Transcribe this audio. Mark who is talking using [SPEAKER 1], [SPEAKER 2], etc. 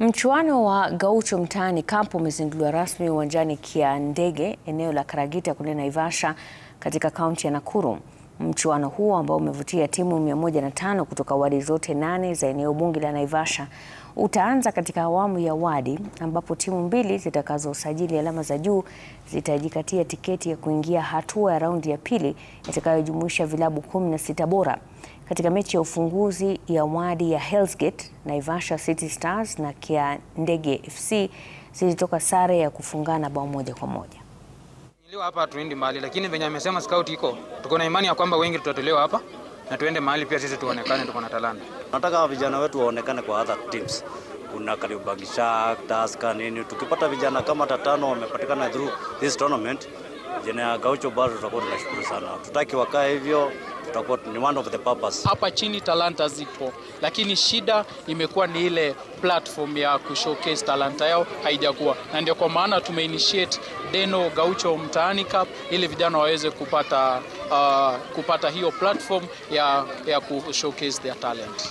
[SPEAKER 1] Mchuano wa Gaucho mtaani Kapu umezinduliwa rasmi uwanjani Kia Ndege eneo la Karagita kule Naivasha katika kaunti ya Nakuru. Mchuano huo ambao umevutia timu 105 kutoka wadi zote nane za eneo bunge la Naivasha utaanza katika awamu ya wadi ambapo timu mbili zitakazosajili alama za juu zitajikatia tiketi ya kuingia hatua ya raundi ya pili itakayojumuisha vilabu 16 bora. Katika mechi ya ufunguzi ya wadi ya Hell's Gate, Naivasha City Stars na Kia Ndege FC zilitoka sare ya kufungana bao moja kwa moja.
[SPEAKER 2] Unajua hapa tuende mahali, lakini venye amesema scout iko, tuko na imani ya kwamba wengi tutatolewa hapa na tuende mahali pia sisi tuonekane, tuko na talanta.
[SPEAKER 3] Nataka vijana wetu waonekane kwa other teams, kuna Kariobangi Sharks, Tusker nini. Tukipata vijana kama tatano wamepatikana through this tournament, jina ya Gaucho bado tutakuwa tunashukuru sana. Tutaki wakae hivyo tutakuwa ni one of the purpose.
[SPEAKER 4] Hapa chini talanta zipo, lakini shida imekuwa ni ile platform ya kushowcase talanta yao haijakuwa, na ndio kwa maana tumeinitiate Deno Gaucho Mtaani Cup ili vijana waweze kupata uh, kupata hiyo platform ya, ya kushowcase their talent.